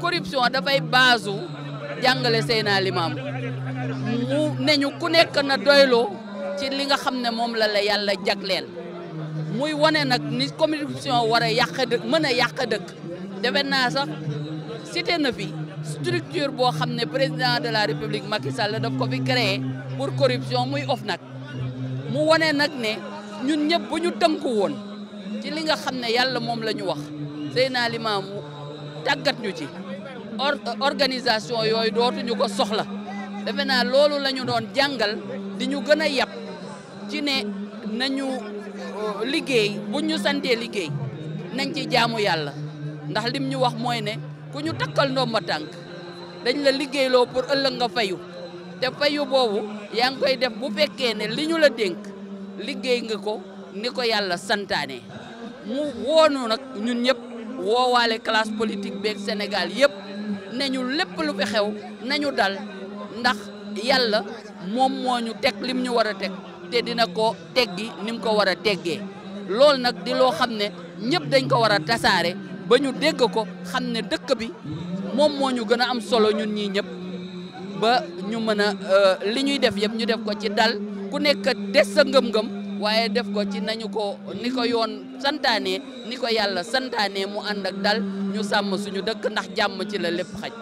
corruption dafay baasu jàngale Seydina Limaamu mu ne ñu ku nekk na doyloo ci li nga xam ne moom la la yàlla jagleel muy wane nag ni corruption war a yàq dëkk mën a yàq dëkk defe naa sax cité na fi structure boo xam ne président de la république Macky Sall daf ko fi créé pour corruption muy of nag mu wane nag ne ñun ñëpp bu ñu tënku woon ci li nga xam ne yàlla moom lañu wax Seydina Limaamu tàggat ñu ci organisation yooyu dootuñu ko soxla defe naa loolu lañu ñu doon jàngal di ñu gën a yàpp ci ne nañu euh, liggéey bu ñu santee liggéey nañ ci jaamu yàlla ndax lim ñu wax mooy ne ku ñu takkal ndomba tànk dañ la liggéeyloo pour ëllëg nga fayu te fayu boobu yaa koy def bu fekkee ne li ñu la dénk liggéey nga ko ni ko yàlla santaane mu woonu nag ñun ñëpp woowaale classe politique beeg Sénégal yëpp nañu lépp lu fi xew nañu dal ndax yàlla moom moo ñu teg lim ñu war a teg te dina ko teggi ni mu ko war a teggee loolu nag di loo xam ne ñëpp dañ ko war a tasaare ba ñu dégg ko xam ne dëkk bi moom moo ñu gën a am solo ñun ñii ñëpp ba ñu mën a euh, li ñuy def yëpp ñu def ko ci dal ku nekk des sa ngëm-ngëm waaye def ko ci nañu ko ni ko yoon santaane ni ko yàlla santaane mu ànd ak dal ñu sàmm suñu dëkk ndax jàmm ci la lépp xaj